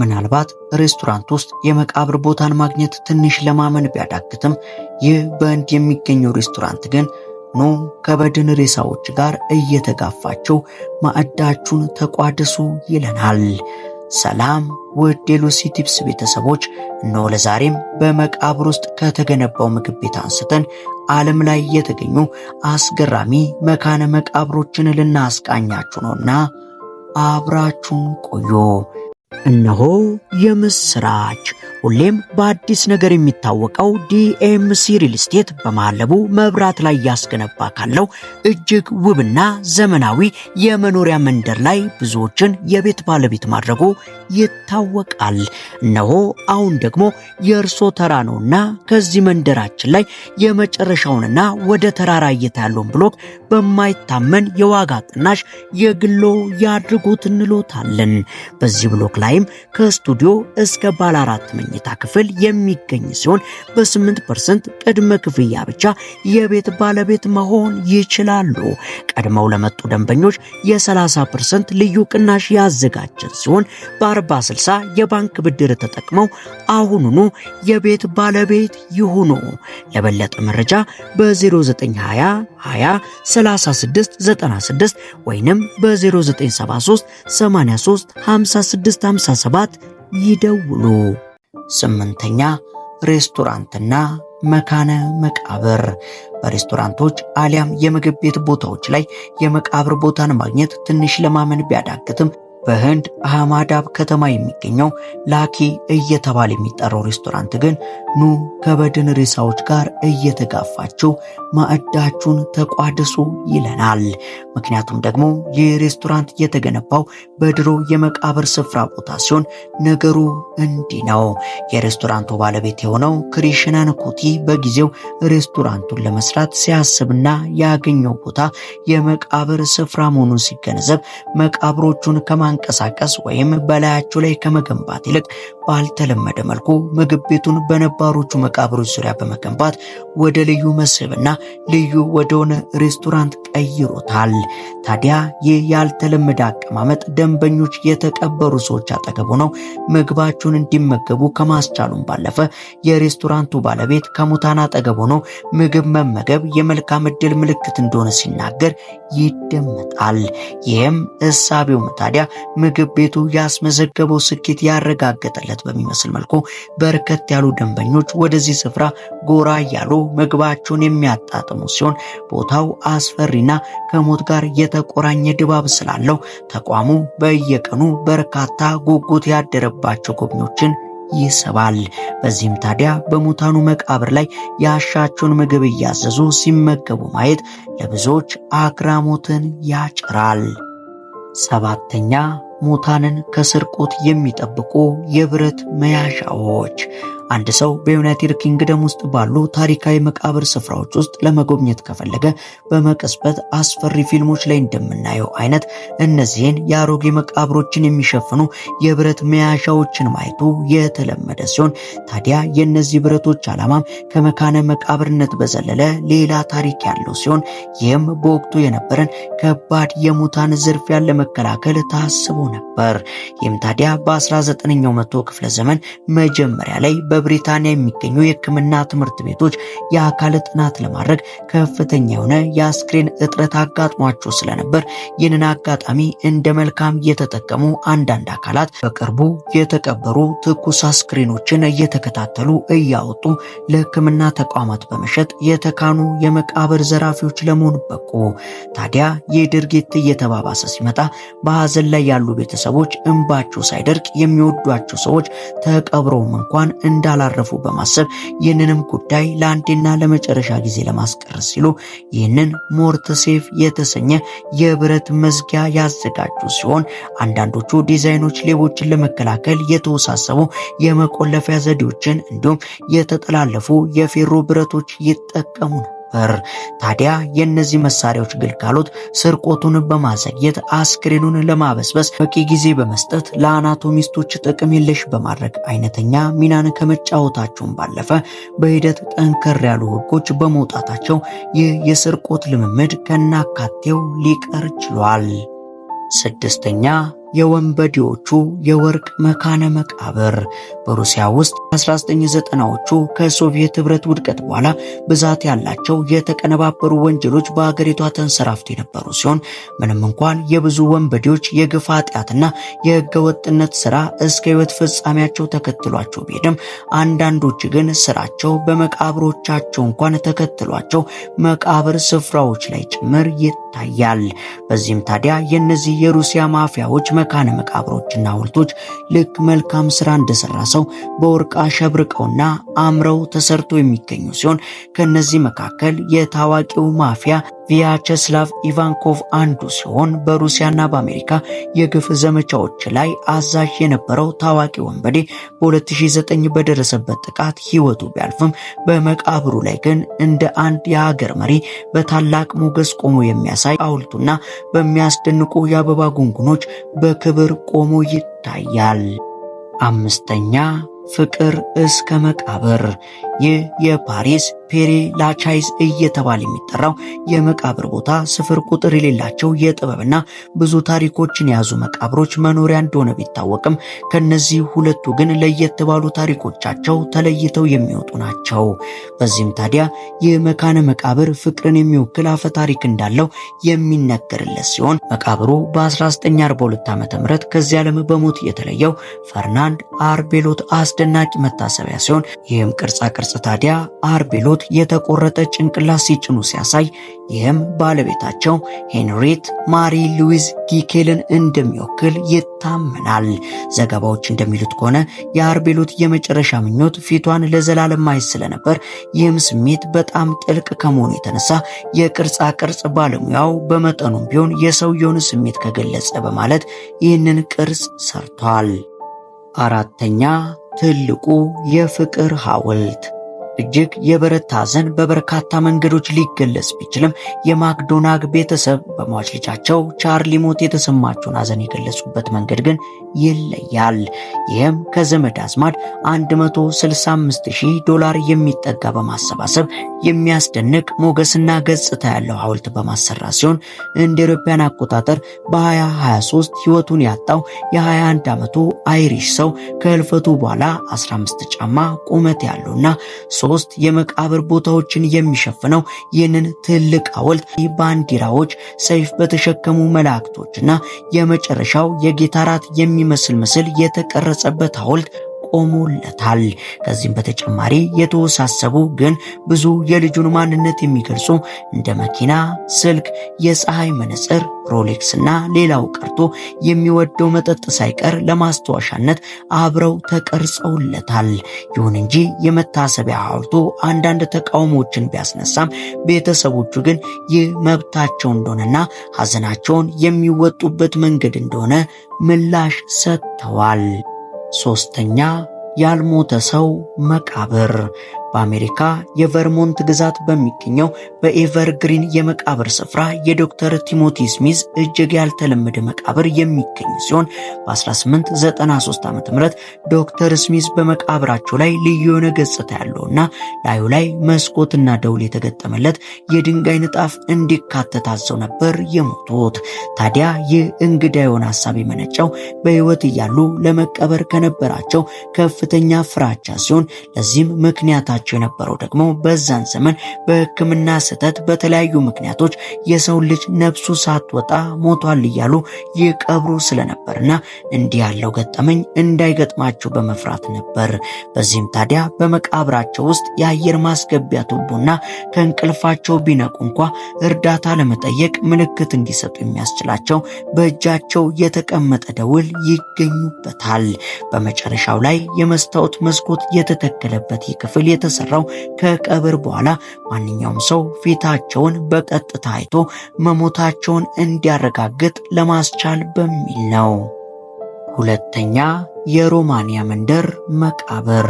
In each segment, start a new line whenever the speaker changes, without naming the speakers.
ምናልባት ሬስቶራንት ውስጥ የመቃብር ቦታን ማግኘት ትንሽ ለማመን ቢያዳግትም ይህ በህንድ የሚገኘው ሬስቶራንት ግን ኖ ከበድን ሬሳዎች ጋር እየተጋፋቸው ማዕዳችሁን ተቋድሱ ይለናል። ሰላም ውድ የሉሲ ቲፕስ ቤተሰቦች፣ እነሆ ለዛሬም በመቃብር ውስጥ ከተገነባው ምግብ ቤት አንስተን ዓለም ላይ የተገኙ አስገራሚ መካነ መቃብሮችን ልናስቃኛችሁ ነውና አብራችሁን ቆዩ። እነሆ የምስራች። ሁሌም በአዲስ ነገር የሚታወቀው ዲኤምሲ ሪል ስቴት በመሃለቡ መብራት ላይ ያስገነባ ካለው እጅግ ውብና ዘመናዊ የመኖሪያ መንደር ላይ ብዙዎችን የቤት ባለቤት ማድረጉ ይታወቃል። እነሆ አሁን ደግሞ የእርሶ ተራ ነውና ከዚህ መንደራችን ላይ የመጨረሻውንና ወደ ተራራ እይታ ያለውን ብሎክ በማይታመን የዋጋ ቅናሽ የግሎ ያድርጉት እንሎታለን። በዚህ ብሎክ ላይም ከስቱዲዮ እስከ ባለ አራት መኝታ ክፍል የሚገኝ ሲሆን በ8 ፐርሰንት ቅድመ ክፍያ ብቻ የቤት ባለቤት መሆን ይችላሉ። ቀድመው ለመጡ ደንበኞች የ30 ፐርሰንት ልዩ ቅናሽ ያዘጋጀን ሲሆን በ40/60 የባንክ ብድር ተጠቅመው አሁኑኑ የቤት ባለቤት ይሁኑ። ለበለጠ መረጃ በ0920 20 36 96 ወይንም በ0973 83 56 57 ይደውሉ። ስምንተኛ ሬስቶራንትና መካነ መቃብር በሬስቶራንቶች አሊያም የምግብ ቤት ቦታዎች ላይ የመቃብር ቦታን ማግኘት ትንሽ ለማመን ቢያዳግትም በህንድ አህማዳብ ከተማ የሚገኘው ላኪ እየተባለ የሚጠራው ሬስቶራንት ግን ኑ ከበድን ሬሳዎች ጋር እየተጋፋችሁ ማዕዳችሁን ተቋድሱ ይለናል። ምክንያቱም ደግሞ ይህ ሬስቶራንት የተገነባው በድሮ የመቃብር ስፍራ ቦታ ሲሆን ነገሩ እንዲህ ነው። የሬስቶራንቱ ባለቤት የሆነው ክሪሽናን ኩቲ በጊዜው ሬስቶራንቱን ለመስራት ሲያስብና ያገኘው ቦታ የመቃብር ስፍራ መሆኑን ሲገነዘብ መቃብሮቹን ከማ ከማንቀሳቀስ ወይም በላያቸው ላይ ከመገንባት ይልቅ ባልተለመደ መልኩ ምግብ ቤቱን በነባሮቹ መቃብሮች ዙሪያ በመገንባት ወደ ልዩ መስህብና ልዩ ወደሆነ ሬስቶራንት ቀይሮታል። ታዲያ ይህ ያልተለመደ አቀማመጥ ደንበኞች የተቀበሩ ሰዎች አጠገቡ ነው። ምግባቸውን እንዲመገቡ ከማስቻሉም ባለፈ የሬስቶራንቱ ባለቤት ከሙታን አጠገብ ሆኖ ምግብ መመገብ የመልካም ዕድል ምልክት እንደሆነ ሲናገር ይደመጣል። ይህም እሳቤውም ታዲያ ምግብ ቤቱ ያስመዘገበው ስኬት ያረጋገጠለት በሚመስል መልኩ በርከት ያሉ ደንበኞች ወደዚህ ስፍራ ጎራ እያሉ ምግባቸውን የሚያጣጥሙ ሲሆን ቦታው አስፈሪና ከሞት ጋር የተቆራኘ ድባብ ስላለው ተቋሙ በየቀኑ በርካታ ጉጉት ያደረባቸው ጎብኚዎችን ይስባል። በዚህም ታዲያ በሙታኑ መቃብር ላይ ያሻቸውን ምግብ እያዘዙ ሲመገቡ ማየት ለብዙዎች አግራሞትን ያጭራል። ሰባተኛ ሙታንን ከስርቆት የሚጠብቁ የብረት መያዣዎች አንድ ሰው በዩናይትድ ኪንግደም ውስጥ ባሉ ታሪካዊ መቃብር ስፍራዎች ውስጥ ለመጎብኘት ከፈለገ በመቀስበት አስፈሪ ፊልሞች ላይ እንደምናየው አይነት እነዚህን የአሮጌ መቃብሮችን የሚሸፍኑ የብረት መያዣዎችን ማየቱ የተለመደ ሲሆን ታዲያ የእነዚህ ብረቶች ዓላማም ከመካነ መቃብርነት በዘለለ ሌላ ታሪክ ያለው ሲሆን ይህም በወቅቱ የነበረን ከባድ የሙታን ዝርፊያን ለመከላከል ታስቦ ነበር። ይህም ታዲያ በ19ኛው መቶ ክፍለ ዘመን መጀመሪያ ላይ በ በብሪታንያ የሚገኙ የሕክምና ትምህርት ቤቶች የአካል ጥናት ለማድረግ ከፍተኛ የሆነ የአስክሬን እጥረት አጋጥሟቸው ስለነበር ይህንን አጋጣሚ እንደ መልካም የተጠቀሙ አንዳንድ አካላት በቅርቡ የተቀበሩ ትኩስ አስክሬኖችን እየተከታተሉ እያወጡ ለሕክምና ተቋማት በመሸጥ የተካኑ የመቃብር ዘራፊዎች ለመሆን በቁ። ታዲያ ይህ ድርጊት እየተባባሰ ሲመጣ በሀዘን ላይ ያሉ ቤተሰቦች እንባቸው ሳይደርቅ የሚወዷቸው ሰዎች ተቀብረውም እንኳን እንደ እንዳላረፉ በማሰብ ይህንንም ጉዳይ ለአንዴና ለመጨረሻ ጊዜ ለማስቀረስ ሲሉ ይህንን ሞርትሴፍ የተሰኘ የብረት መዝጊያ ያዘጋጁ ሲሆን አንዳንዶቹ ዲዛይኖች ሌቦችን ለመከላከል የተወሳሰቡ የመቆለፊያ ዘዴዎችን እንዲሁም የተጠላለፉ የፌሮ ብረቶች ይጠቀሙ ነው። ነበር። ታዲያ የእነዚህ መሳሪያዎች ግልጋሎት ስርቆቱን በማዘግየት አስክሬኑን ለማበስበስ በቂ ጊዜ በመስጠት ለአናቶሚስቶች ጥቅም የለሽ በማድረግ አይነተኛ ሚናን ከመጫወታቸውን ባለፈ በሂደት ጠንከር ያሉ ህጎች በመውጣታቸው ይህ የስርቆት ልምምድ ከናካቴው ሊቀር ችሏል። ስድስተኛ የወንበዴዎቹ የወርቅ መካነ መቃብር በሩሲያ ውስጥ 1990ዎቹ ከሶቪየት ኅብረት ውድቀት በኋላ ብዛት ያላቸው የተቀነባበሩ ወንጀሎች በአገሪቷ ተንሰራፍቶ የነበሩ ሲሆን ምንም እንኳን የብዙ ወንበዴዎች የግፍ ኃጢአትና የህገወጥነት ስራ እስከ ህይወት ፍጻሜያቸው ተከትሏቸው ቢሄድም አንዳንዶች ግን ስራቸው በመቃብሮቻቸው እንኳን ተከትሏቸው መቃብር ስፍራዎች ላይ ጭምር ይታያል። በዚህም ታዲያ የእነዚህ የሩሲያ ማፊያዎች መካነ መቃብሮችና ሐውልቶች ልክ መልካም ስራ እንደሰራ ሰው በወርቅ አሸብርቀውና አምረው ተሰርቶ የሚገኙ ሲሆን ከነዚህ መካከል የታዋቂው ማፊያ ቪያቸስላቭ ኢቫንኮቭ አንዱ ሲሆን በሩሲያና በአሜሪካ የግፍ ዘመቻዎች ላይ አዛዥ የነበረው ታዋቂ ወንበዴ በ2009 በደረሰበት ጥቃት ሕይወቱ ቢያልፍም በመቃብሩ ላይ ግን እንደ አንድ የሀገር መሪ በታላቅ ሞገስ ቆሞ የሚያሳይ ሐውልቱና በሚያስደንቁ የአበባ ጉንጉኖች በክብር ቆሞ ይታያል። አምስተኛ ፍቅር እስከ መቃብር ይህ የፓሪስ ፔሬ ላቻይስ እየተባለ የሚጠራው የመቃብር ቦታ ስፍር ቁጥር የሌላቸው የጥበብና ብዙ ታሪኮችን የያዙ መቃብሮች መኖሪያ እንደሆነ ቢታወቅም ከነዚህ ሁለቱ ግን ለየት ባሉ ታሪኮቻቸው ተለይተው የሚወጡ ናቸው። በዚህም ታዲያ ይህ መካነ መቃብር ፍቅርን የሚወክል አፈ ታሪክ እንዳለው የሚነገርለት ሲሆን መቃብሩ በ1942 ዓ ም ከዚህ ዓለም በሞት የተለየው ፈርናንድ አርቤሎት አስደናቂ መታሰቢያ ሲሆን ይህም ቅርጻ ቅርጽ ታዲያ አርቤሎት የተቆረጠ ጭንቅላት ሲጭኑ ሲያሳይ ይህም ባለቤታቸው ሄንሪት ማሪ ሉዊዝ ጊኬልን እንደሚወክል ይታመናል። ዘገባዎች እንደሚሉት ከሆነ የአርቤሎት የመጨረሻ ምኞት ፊቷን ለዘላለም ማየት ስለነበር ይህም ስሜት በጣም ጥልቅ ከመሆኑ የተነሳ የቅርጻ ቅርጽ ባለሙያው በመጠኑም ቢሆን የሰውየውን ስሜት ከገለጸ በማለት ይህንን ቅርጽ ሰርቷል። አራተኛ ትልቁ የፍቅር ሐውልት እጅግ የበረታ ሐዘን በበርካታ መንገዶች ሊገለጽ ቢችልም የማክዶናግ ቤተሰብ በሟች ልጃቸው ቻርሊ ሞት የተሰማቸውን ሐዘን የገለጹበት መንገድ ግን ይለያል። ይህም ከዘመድ አዝማድ 165000 ዶላር የሚጠጋ በማሰባሰብ የሚያስደንቅ ሞገስና ገጽታ ያለው ሐውልት በማሰራት ሲሆን እንደ አውሮፓውያን አቆጣጠር በ2023 ህይወቱን ያጣው የ21 ዓመቱ አይሪሽ ሰው ከህልፈቱ በኋላ 15 ጫማ ቁመት ያለውና ሶስት የመቃብር ቦታዎችን የሚሸፍነው ይህንን ትልቅ ሐውልት ባንዲራዎች፣ ሰይፍ በተሸከሙ መላእክቶችና የመጨረሻው የጌታ ራት የሚመስል ምስል የተቀረጸበት ሐውልት ቆሞለታል። ከዚህም በተጨማሪ የተወሳሰቡ ግን ብዙ የልጁን ማንነት የሚገልጹ እንደ መኪና፣ ስልክ፣ የፀሐይ መነጽር፣ ሮሌክስ እና ሌላው ቀርቶ የሚወደው መጠጥ ሳይቀር ለማስታወሻነት አብረው ተቀርጸውለታል። ይሁን እንጂ የመታሰቢያ ሐውልቱ አንዳንድ ተቃውሞዎችን ቢያስነሳም ቤተሰቦቹ ግን ይህ መብታቸው እንደሆነና ሐዘናቸውን የሚወጡበት መንገድ እንደሆነ ምላሽ ሰጥተዋል። ሦስተኛ ያልሞተ ሰው መቃብር በአሜሪካ የቨርሞንት ግዛት በሚገኘው በኤቨርግሪን የመቃብር ስፍራ የዶክተር ቲሞቲ ስሚዝ እጅግ ያልተለመደ መቃብር የሚገኝ ሲሆን በ1893 ዓ ም ዶክተር ስሚዝ በመቃብራቸው ላይ ልዩ የሆነ ገጽታ ያለውና ላዩ ላይ መስኮትና ደውል የተገጠመለት የድንጋይ ንጣፍ እንዲካተት አዘው ነበር የሞቱት። ታዲያ ይህ እንግዳ የሆነ ሀሳብ የመነጨው በሕይወት እያሉ ለመቀበር ከነበራቸው ከፍተኛ ፍራቻ ሲሆን ለዚህም ምክንያታቸው ሲሰጣቸው የነበረው ደግሞ በዛን ዘመን በሕክምና ስህተት በተለያዩ ምክንያቶች የሰው ልጅ ነፍሱ ሳትወጣ ሞቷል እያሉ ይቀብሩ ስለነበርና እንዲህ ያለው ገጠመኝ እንዳይገጥማቸው በመፍራት ነበር። በዚህም ታዲያ በመቃብራቸው ውስጥ የአየር ማስገቢያ ቱቦና ከእንቅልፋቸው ቢነቁ እንኳ እርዳታ ለመጠየቅ ምልክት እንዲሰጡ የሚያስችላቸው በእጃቸው የተቀመጠ ደውል ይገኙበታል። በመጨረሻው ላይ የመስታወት መስኮት የተተከለበት ይህ ክፍል የተሰራው ከቀብር በኋላ ማንኛውም ሰው ፊታቸውን በቀጥታ አይቶ መሞታቸውን እንዲያረጋግጥ ለማስቻል በሚል ነው። ሁለተኛ የሮማንያ መንደር መቃብር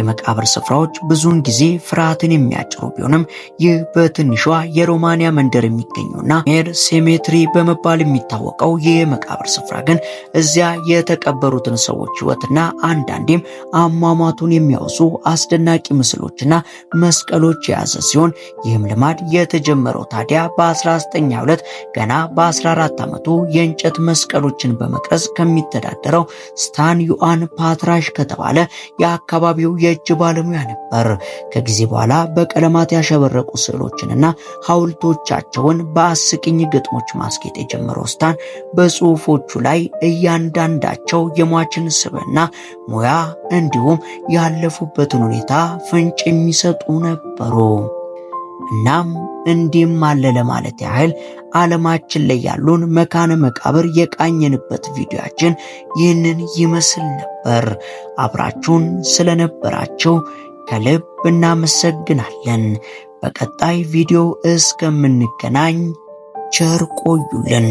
የመቃብር ስፍራዎች ብዙውን ጊዜ ፍርሃትን የሚያጭሩ ቢሆንም ይህ በትንሿ የሮማንያ መንደር የሚገኘውና ሜር ሴሜትሪ በመባል የሚታወቀው ይህ የመቃብር ስፍራ ግን እዚያ የተቀበሩትን ሰዎች ሕይወትና አንዳንዴም አሟሟቱን የሚያወሱ አስደናቂ ምስሎችና መስቀሎች የያዘ ሲሆን ይህም ልማድ የተጀመረው ታዲያ በ1922 ገና በ14 ዓመቱ የእንጨት መስቀሎችን በመቅረጽ ከሚተዳደረው ስታን ዩአን ፓትራሽ ከተባለ የአካባቢው የእጅ ባለሙያ ነበር። ከጊዜ በኋላ በቀለማት ያሸበረቁ ስዕሎችንና ሐውልቶቻቸውን በአስቂኝ ግጥሞች ማስጌጥ የጀመረው ስታን በጽሑፎቹ ላይ እያንዳንዳቸው የሟችን ስብዕና፣ ሙያ እንዲሁም ያለፉበትን ሁኔታ ፍንጭ የሚሰጡ ነበሩ። እናም እንዲህም አለ ለማለት ያህል ዓለማችን ላይ ያሉን መካነ መቃብር የቃኘንበት ቪዲዮአችን ይህንን ይመስል ነበር። አብራችሁን ስለነበራችሁ ከልብ እናመሰግናለን። በቀጣይ ቪዲዮ እስከምንገናኝ ቸር ቆዩልን።